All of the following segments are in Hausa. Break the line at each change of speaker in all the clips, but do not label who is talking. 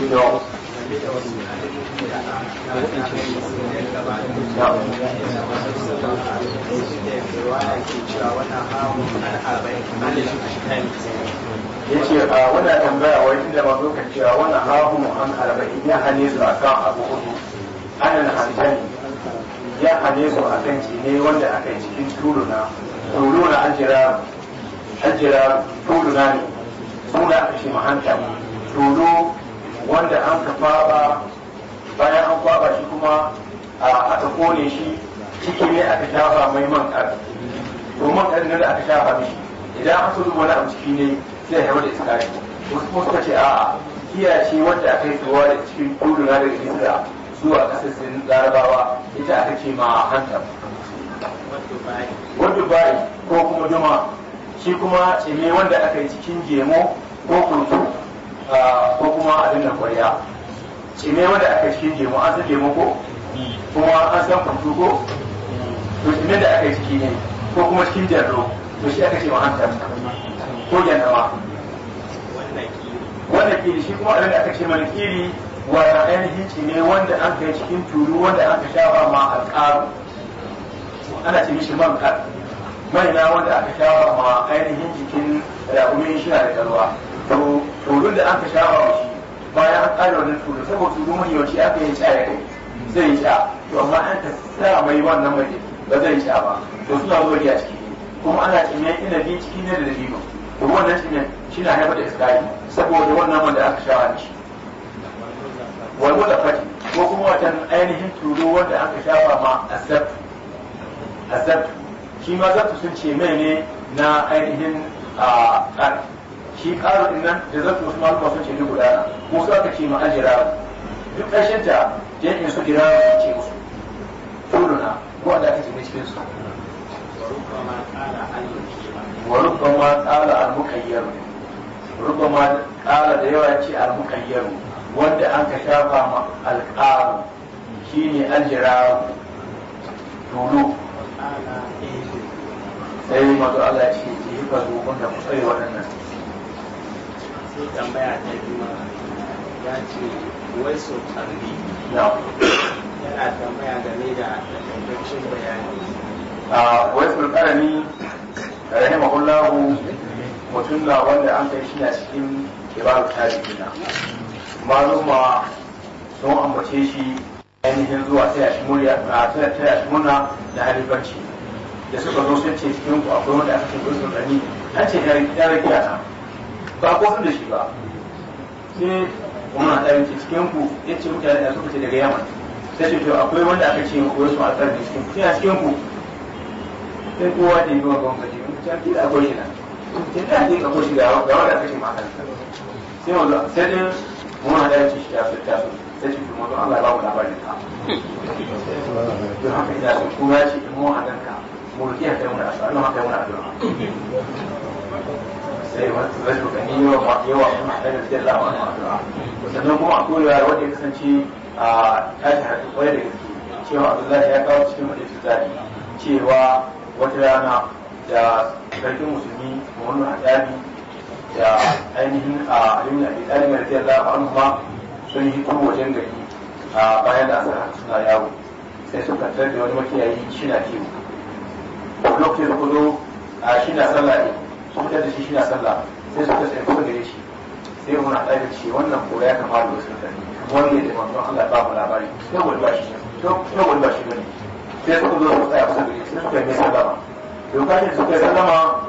shi ya ce a ah, wannan tambaya wani inda ma zuka cewa ah, wannan hahu an arba'in ya hane su a kan abu hudu ya hane su a kan ne wanda aka yi cikin turuna turuna na an jira turuna ne suna aka shi mahanta turu wanda an ka faba bayan an kwaba shi kuma aka kone shi ciki ne aka shafa mai man ƙar to man ƙar ne da aka shafa mishi idan an so zuba wani abu ciki ne sai haifar da iska wasu kuma suka ce a'a kiya ce wanda aka yi tsawa da cikin kudu na daga Isra zuwa Sin larabawa ita aka ce ma hanta wadda bayi ko kuma juma shi kuma ce ne wanda aka yi cikin gemo ko kuma ko kuma abin kwaya kwarya ne wanda aka shi lemu an san lemu ko kuma an san kwantu ko to ne da aka ciki ne ko kuma cikin jarro to shi aka ce ma san ko jannama wannan kiri shi kuma abin da aka ce mana kiri wata ainihin ne wanda an kai cikin turu wanda an ka shafa ma alƙaru ana ce mishi man kar mai na wanda aka shafa ma ainihin cikin raƙumin shi na da kalwa tsoron da aka sha wa shi bayan an ƙara wannan tsoron saboda tsoron mai yawanci aka yi sha ya kai zai sha to amma an ta sa mai wannan mai ba zai sha ba to suna zuwa a ciki kuma ana cinye inabi ciki ne da dabino to wannan cinye shi na haifar da iskari saboda wannan wanda aka sha wa shi wani wata fati ko kuma watan ainihin turo wanda aka shafa ma azabtu azabtu shi ma zabtu sun ce mai ne na ainihin a ah, shi ƙarin nan da zata kuma malama sun ce ni guda wasu aka ce ma ajira duk ƙarshen ta jan in su jira su ce musu tuluna ko da aka ce ne cikin su wa rubama qala al mukayyar rubama qala da yawa ce al wanda an ka shafa ma al qaru ne ajira tulu sai mazu Allah ya ce ji ka zo kun da ku waɗannan sai tambaya ta juma ya ce wai so tarbi yana tambaya game da takaitaccen bayani a wai so karami rahimahullahu mutum na wanda an kai shi a cikin kibaru tarihina maluma sun ambace shi ainihin zuwa sai a shi murya a taya murna da halibarci da suka zo sun ce cikin ku akwai wanda aka ce gurbin rani an ce ya rikiya ta ba ko da shi ba sai umar da yanki cikin ku ya ce mutane da suka ce daga yamma ta ce to akwai wanda aka ce ko su a tsarin cikin ku sai cikin ku sai kowa da yi wa ta akwai sai da akwai ga wanda aka ce ma sai sai umar da shi sai mun Allah ba mu labarin ka don haka kuma ya ce kai da da kuma a ya kasance cewa wata rana da sarkin musulmi Muhammadu Hadabi da ainihin a Alimin Abi Talib radiyallahu sun wajen gari a bayan da suna yawo sai suka tarda wani makiyayi shi na lokacin da kuzo a shi na sallah ne sun fitar da shi shi na sallah sai su kasance kuma gare shi sai muna ɗaya ce wannan ko ya kama da wasu mutane wani da manzon Allah ba mu labari sai wani ba shi sai wani ba shi bane sai suka zo su tsaya kusa gare shi sai suka yi sallama doka ne suka yi sallama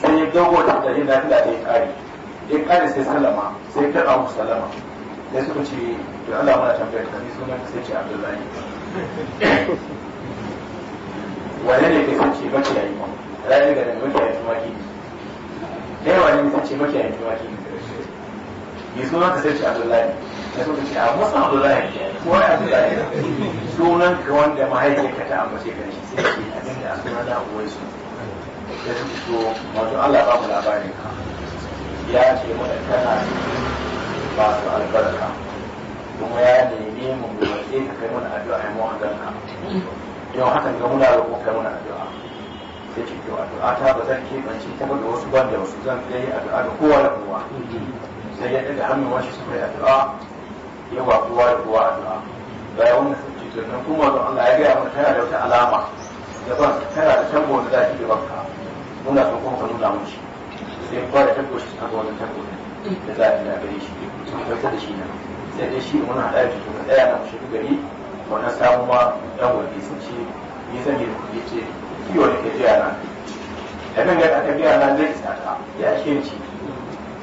sai ya ta da tare na fila da ya kare ya kare sai sallama sai ya karɓa musu ma. sai suka ce to Allah muna tambayar ka ni sunan sai ce Abdullahi wane ne kai sun ce mace yayi mu rabi ga nan makiyayin tumaki da yawa ne sun ce makiyayin tumaki ne sunan ka sai ce abdullahi da suka ce a musa abdullahi ne ko ya abdullahi sunan ka wanda mahaifiyarka ta ambace ka shi sai ce abin da sunan da uwai su da suka so wato Allah ba mu labarin ka ya ce mana kana ba su albarka kuma ya nemi mu mu wace ka kai mana addu'a mu ka don hakan ga muna roƙon kai mana addu'a ya ce to addu'a ta ba zan keɓance ta da wasu ban da wasu zan yi addu'a da kowa da kowa sai ya ɗaga hannun wasu suka yi addu'a ya ba kowa da kowa addu'a bayan wani sun ce to nan kuma don Allah ya gaya mana tana da wata alama da ban tana da tabo wanda za ki yi banka muna so kuma ka nuna mun shi sai ba da tabo shi kan wani tambo da za ki gare shi da ta da shi nan sai dai shi muna haɗa da shi ɗaya na shi gari wannan samu ma ɗan wani sun ce ni zan yi ce kiwo da ke na nan da nan gada aka biya nan zai tsaka ya ce ci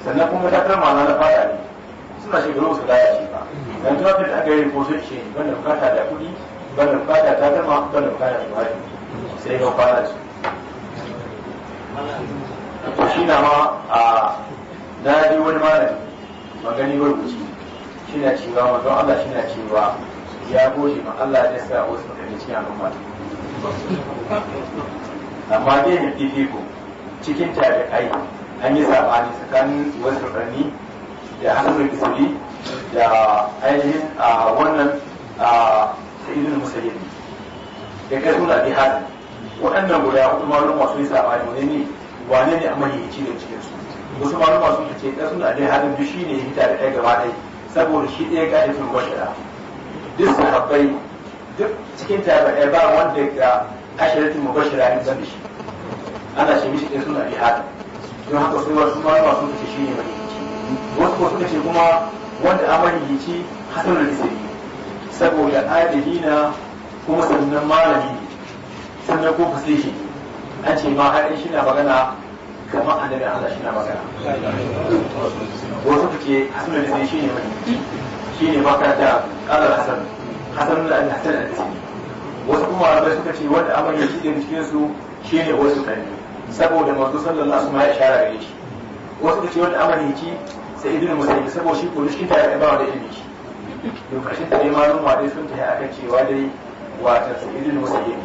sannan kuma ta kama na fara ne suna shekaru su da ya ce ba dan tuwa da aka yi ko sai ce banda bukata da kuɗi banda bukata ta kama banda bukata da wani sai ga fara su to shi na ma a ji wani malami magani wani wuce shi na cewa mazan Allah shi na cewa ya goje ma Allah ya sa wasu mutane cikin al'umma amma dai mai fifiko cikin ai an yi sabani tsakanin wasu rani da hannun bisuli da ainihin a wannan a sa'idun musayyid da kai suna bi hadin waɗannan guda hudu malum masu yi sabani wani ne wane ne a ci da cikin su wasu malum masu yi ce kai suna dai hadin duk shi ne ya hita da ɗaya gaba ɗaya saboda shi ɗaya ga ɗaya tun bashara duk sahabbai duk cikin tabi'ai eh, ba wanda ya ashiratu mubashira in san shi ana ce mishi ɗin suna bi hada don haka su wasu ma sun su shi ne mai yici wasu ko suka ce kuma wanda an amari yici hasanul lisani saboda adali na kuma sannan malami ne sannan ko fasihi an ce ma har shi na magana kamar annabi Allah shi na magana wasu suke hasanul lisani shi ne mai yici shi ne makaranta ƙarar hasan hasan da alhassan wasu kuma da suka ce wanda aman ya shige cikin su shine wasu kani saboda manzo sallallahu alaihi wasallam ya shara gare shi wasu suka ce wanda aman ya ci sai idin musayi saboda shi ko shi ta ya ba da ilimi shi to kashin da malum wa dai sun ta ya akan cewa dai wata sai idin musayi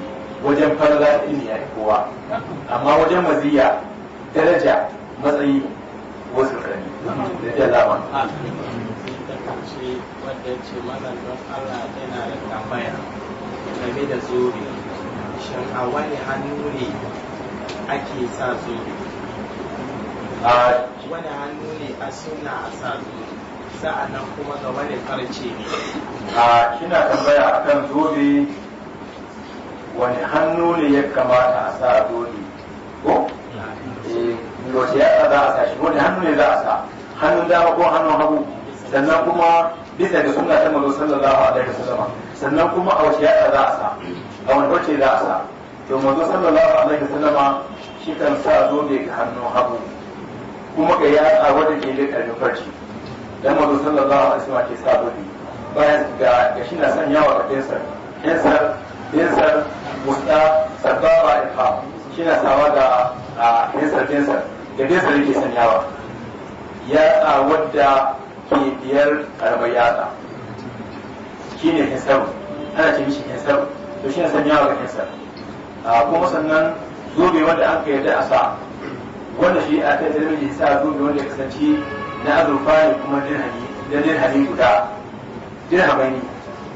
wajen farla ilimi ya kowa amma wajen maziya daraja matsayi wasu kani da jallama wadda ce mana don Allah yana da tambaya game da zobe shin a wani hannu ne ake sa zobe wani hannu ne a suna a sa zobe sa'annan kuma ga wani farce ne a kina tambaya akan zobe wani hannu ne ya kamata a sa zobe ko yau eh, ya za a sa shi wani hannu ne za a sa hannun dama ko hannun hagu sannan kuma bisa ga sunna ta manzo sallallahu alaihi wasallam sannan kuma a wace yada za a sa a wani wace za a sa to manzo sallallahu alaihi wasallam shi kan sa zobe ga hannu hagu kuma ga a wata ke da karfin farci dan manzo sallallahu alaihi wasallam ke sa zobe bayan ga ga shi na sanyawa ga kansa kansa kansa musta sabara ifa shi na sawa ga kinsar kinsar da kinsar yake sanyawa ya wadda ke biyar karamar yatsa shi ne hinsar ana ce mishi hinsar to shi ne san yawa ga hinsar ah, kuma sannan zobe wanda an ka yarda a sa wanda shi a kai zai sa zobe wanda ya kasance na azurfa ne kuma dirhami da dirhami guda dirhamani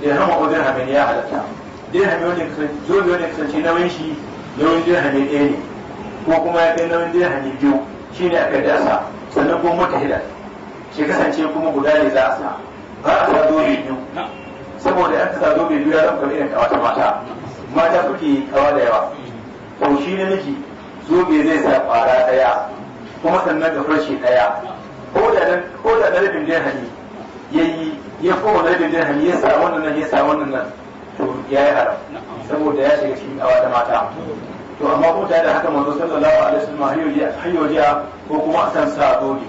dirhama ko dirhamani ya halatta dirhami wanda ya kasance zobe wanda ya kasance nauyin shi nauyin dirhami ɗaya ne ko kuma ya kai nauyin dirhami biyu shi ne a kai da sa sannan kuma mutahidar shi kasance kuma guda ne za a sa ba ta zobe biyu saboda an ta zobe biyu ya zama kamar irin kawata mata mata suke kawa da yawa to shi zo zobe zai sa kwara daya kuma sannan da farshe daya ko da na rabin dirhami yayi ya kowa na rabin dirhami ya sa wannan nan ya sa wannan nan to ya yi haram saboda ya shiga cikin kawa mata to amma ko da haka manzo sallallahu alaihi wasallam hayyoji ko kuma a san sa dole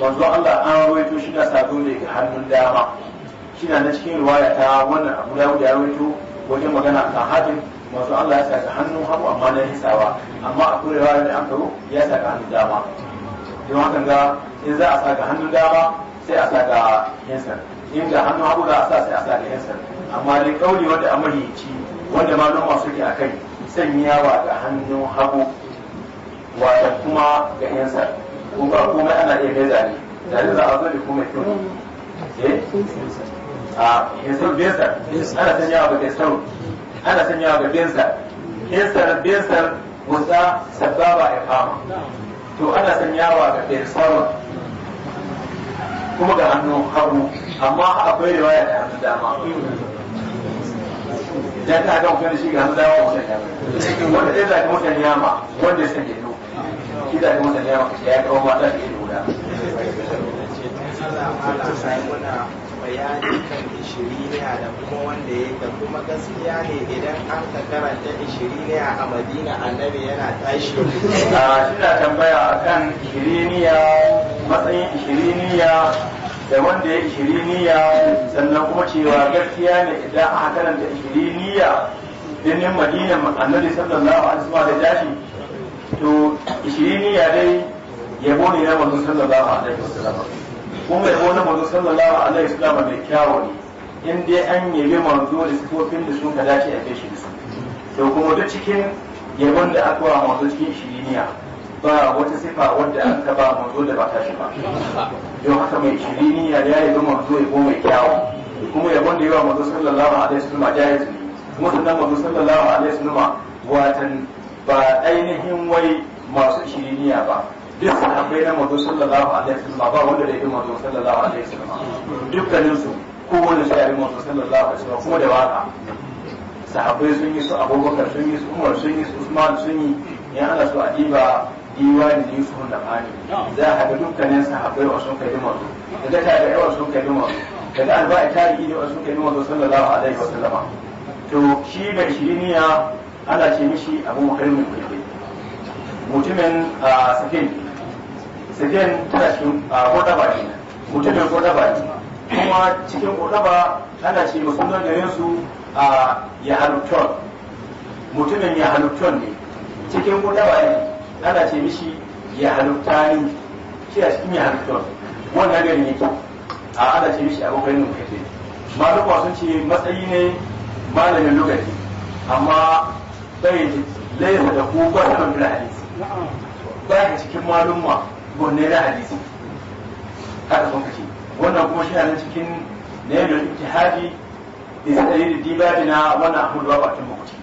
manzo Allah an rawaito shi da sado ne ga hannun dama shi na na cikin riwaya ta wannan Abu da ya rawaito wajen magana kan hatim manzo Allah ya saka hannun hagu amma na hisawa amma a kure riwaya da an karo ya saka hannun dama don haka ga in za a saka hannun dama sai a saka yansar in ga hannun hagu za a sa sai a saka yansar amma dai kauli wanda mahiyaci wanda malama ke a kai sanyawa ga hannun hagu wata kuma ga yansar. kuma kuma ana iya kai ne, zane za a zo da kuma kyau eh a yanzu bensar ana sanyawa ga bensar ana sanyawa ga bensar bensar bensar wata sababa ya fama to ana sanyawa ga bensar kuma ga hannu hagu amma akwai riwaya da hannun dama idan ta ga mutum da shi ga hannun dama mutum ya wanda ɗaya zaki mutum ya ma wanda ya sanya shi da kuma da yawa da ya kawo mata da ido guda ah, bayani kan ishiriniya da kuma wanda ya da kuma gaskiya ne idan an ka karanta ishiriniya a madina annabi yana tashi a shida tambaya kan ishiriniya matsayin ishiriniya da wanda ya ishiriniya sannan kuma cewa gaskiya ne idan aka karanta ishiriniya birnin madina annabi sallallahu alaihi wasallam da tashi to ishirini ya dai yabo ne na manzo sallallahu alaihi wasallam kuma yabo na manzo sallallahu alaihi wasallam mai kyawu ne in dai an yabi manzo da sifofin da suka dace a kai shi da su. To kuma duk cikin yabon da aka wa manzo cikin shiriniya ba wata sifa wadda an taba manzo da ba ta shi ba don haka mai shirini da ya yi manzo yabo mai kyawu kuma yabon da wa manzo sallallahu alaihi wasallam jaiz ne kuma sannan manzo sallallahu alaihi wasallam watan ba ainihin wai masu shiriniya ba duk akwai na mazo sallallahu alaihi wasallam ba wanda da yake mazo sallallahu alaihi wasallam dukkanin su kowanne sai yi mazo sallallahu alaihi wasallam kuma da waka sahabbai sun yi su abubakar sun yi su umar sun yi su usman sun yi ya ana su adiba diwani ne su da fani za a ga dukkanin sahabbai wa sun kai mazo da ta da yawa sun kai mazo daga alba'i ta yi wa sun kai mazo sallallahu alaihi wasallam to shi da shiriniya ana ce mishi abu mai kwaikwai mutumin ah, sakin sakin tana cikin kodaba ah, ne mutumin kodaba ne kuma cikin kodaba ana ce musulman garin su a ah, yahalutton mutumin yahalutton ne cikin kodaba ne ana ce mishi yahaluttani shi a cikin yahalutton wannan ne yake a ana ce mishi abu garin kulli malukwa sun ce matsayi ne malamin lokaci amma bai laifin da ko ba ta da hadisi ba ya cikin malumma gonne da hadisi haka sun kace wannan kuma shi nan cikin na yadda ijtihadi da tsayi da dibaji na wannan abu da ba ta makuci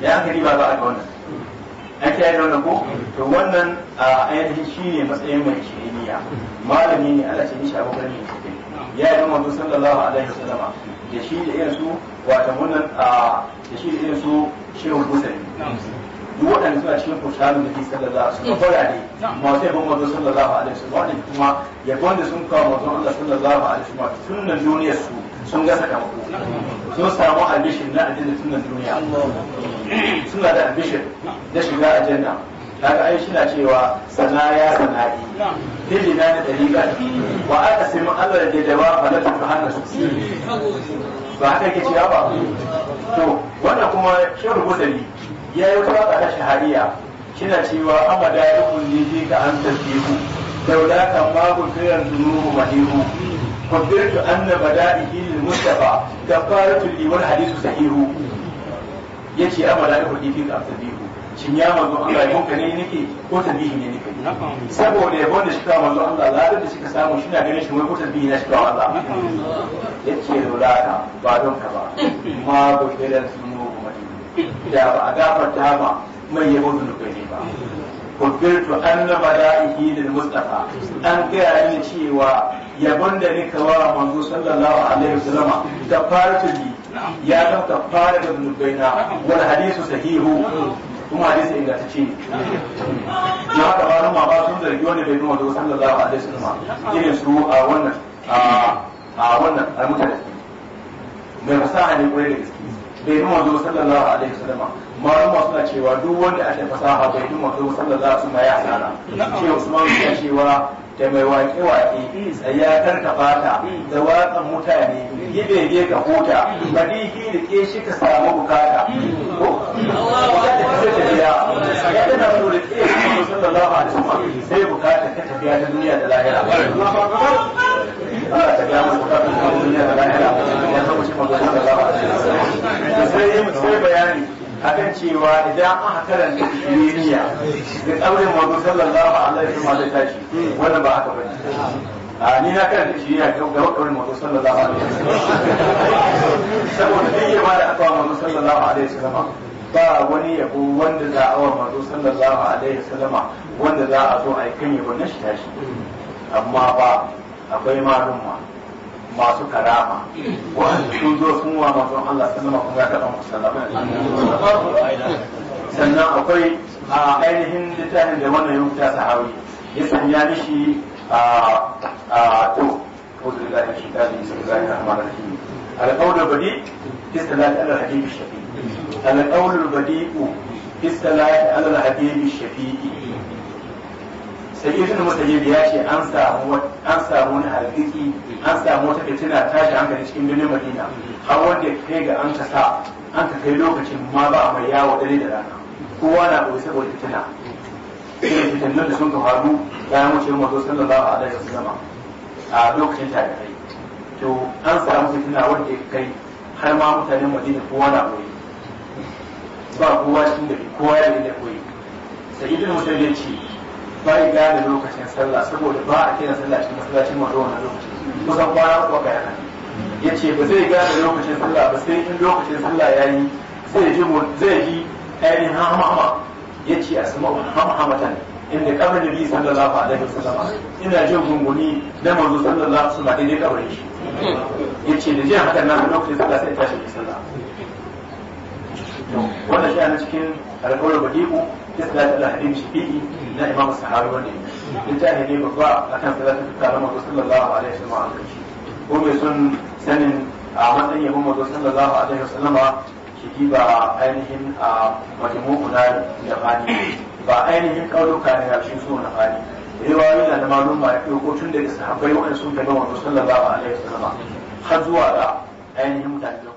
ya aka riba ba a ga wannan an kiyaye da wannan ko to wannan ainihin shi ne matsayin mai shiriniya malami ne ala shi mishi abu gani ya yi manzo sallallahu alaihi wasallama da shi da irin su wata wannan da shi da irin su shehun kusari duk waɗanda suna cikin kusalin da ke sallallahu alaihi wasallam kawai ne masu yabon mazo sallallahu alaihi wasallam wannan kuma yabon da sun kawo mazo Allah sallallahu alaihi wasallam sunan duniyar su sun ga sakamako sun samu albishir na aljanna sunan duniya suna da albishir da shiga aljanna kaga ai shi na cewa sanaya sana'i dili na da dalila wa aka sai mun Allah da ba falatu ka su ba haka yake cewa ba to wannan kuma shehu gudari ya yi wata waka ta shahariya na cewa amada ya kulli fi ka an tasbihu daula kan babu kiran dunuhu mahiru فبرت أن بدائه للمصطفى كفارة لي والحديث صحيح يجي أمر لا يهدي فيك shin ya manzo Allah ya muka ne nake ko tabihi ne nake saboda ya bane shi ta manzo Allah ladan da shi ka samu shi na ganin shi wai ko tabihi na shi ta Allah yace ta ba don ka ba ma go kiran suno kuma da ba a gafarta ba mai yabo da ne ba kubirtu anna bada'ihi lil mustafa an gaya ni cewa yabon da nika wa manzo sallallahu alaihi wasallama ta faratu ya zama fara da zunubaina wal hadisu sahihu kuma hadisi ingantacce ne na haka ba ma ba sun zargi wanda bai nuna da sallallahu alaihi ma irin su a wannan a wannan almutane mai fasaha ne kwarai da gaske bai nuna a sallallahu alaihi ma malama suna cewa duk wanda ake fasaha bai nuna da sallallahu alaihi wasallam ya sana cewa suna ya cewa da mai waƙe-waƙe tsaya karkaba ta da waƙan mutane gibe ka huta madiki da ke shi ka samu bukata ko da ka tafiya ya tana so da ke shi sallallahu alaihi wasallam sai bukata ka tafiya ta duniya da lahira ta duniya da lahira sai bayani akan cewa idan aka karanta duniya da tsaurin mazo sallallahu alaihi wa sallam tashi wannan ba haka bane a ni na karanta shi ya ga tsaurin mazo sallallahu alaihi wa sallam saboda duk yaba da aka mazo sallallahu alaihi wa sallam ba wani ya yabo wanda za a wa mazo sallallahu alaihi wa sallam wanda za a zo a yi kan na shi tashi amma ba akwai malum ma masu karama wanda sun zo sun wa manzon Allah sallama kun ga kaɗan musallama sannan akwai a ainihin littafin da wannan ya rubuta sahawi ya sanya mishi a to ko da shi shi shafi shafi'i sayyidul musayyib ya ce an samu an samu wani arziki an samu wata fitina tashi hankali cikin birnin madina har wanda kai ga an kasa an ka kai lokacin ma ba a mai yawo dare da rana kowa na koyi saboda fitina irin fitinnan da sun ka faru yi wuce mazo sallallahu alaihi wasallam a lokacin ta kai. to an samu fitina wanda kai har ma mutanen madina kowa na ɓoye. ba kowa cikin da kowa ya da koyi sayyidul musayyib ya ce ba ya gane lokacin sallah saboda ba a kiran sallah cikin masallacin mazo wannan lokacin kusan kwana uku ga yana ya ce ba zai gane lokacin sallah ba sai in lokacin sallah ya yi zai ji zai ji ainihin hamama ya ce a sama hamamatan inda kamar nabi sallallahu alaihi wasallam ina jin gunguni na manzo sallallahu alaihi wasallam daidai kabarin shi ya ce da jin hakan na lokacin sallah sai tashi nan cikin alƙawar badiku isla a hadin shafi'i na imam sahabi wanda ya ta ne babba akan salatu ta kalama sallallahu alaihi wasallam ko mai son sanin a matsayin yabon mazo sallallahu alaihi wasallama shi ba ainihin a majmu'u na nafani ba ainihin kauluka ne shi so nafani riwayoyi na malum ma ya ko tun daga sahabbai wanda sun kai mazo sallallahu alaihi wasallama
har zuwa ga ainihin mutane